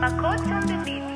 Pacote on the beat.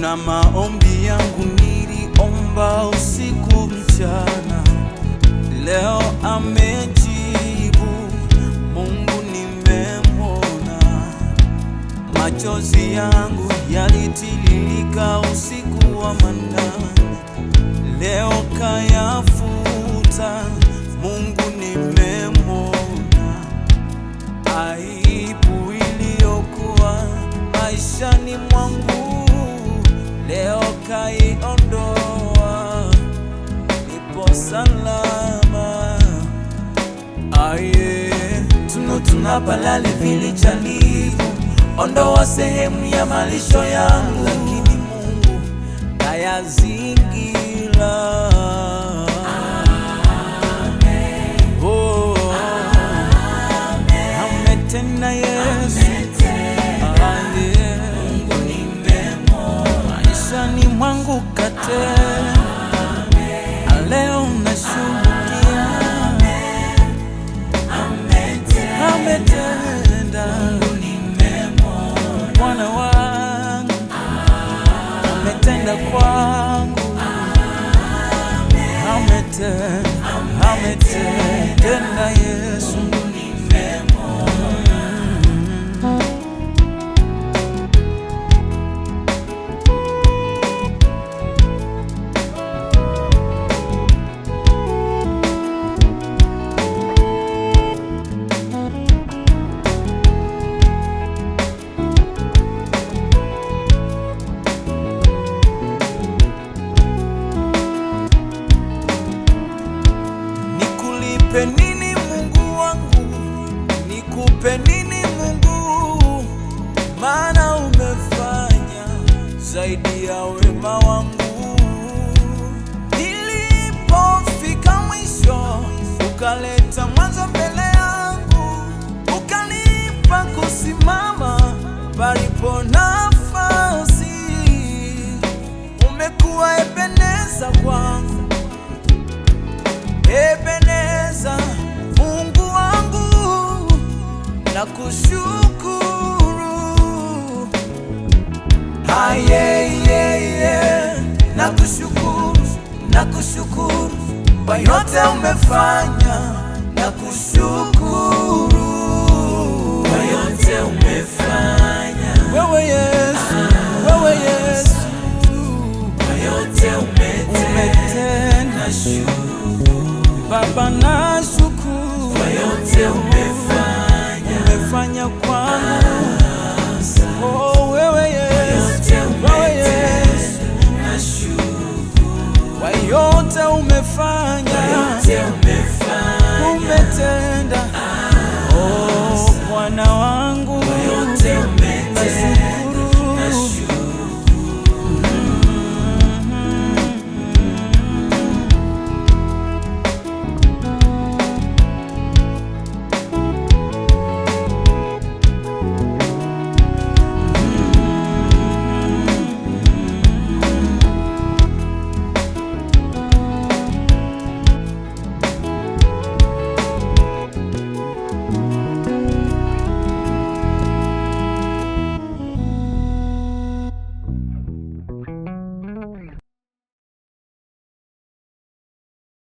kuna maombi yangu niliomba usiku mchana, leo amejibu Mungu, nimemwona. Machozi yangu yalitililika usiku wa manane, leo kayafuta Mungu, nimemwona. Aibu iliyokuwa maishani mwangu leo kaiondoa, nipo salama aye. Tunu tunapalali vili ondoa sehemu ya malisho yangu, lakini Mungu ayazingi Ahmet'e, Ahmet'e, Denna Yesu Nikupe nini Mungu wangu, nikupe nini Mungu, maana umefanya zaidi ya wema wangu. Nilipofika mwisho ukaleta na kushukuru ah, yeah, yeah, Na kushukuru na kushukuru kwa yote umefanya na kushukuru kwa yote umefanya wewe Yesu, ah, wewe Yesu kwa yote umetenda Baba na shukuru kwa yote yote umefanya, yote umefanya, ah, oh Bwana wangu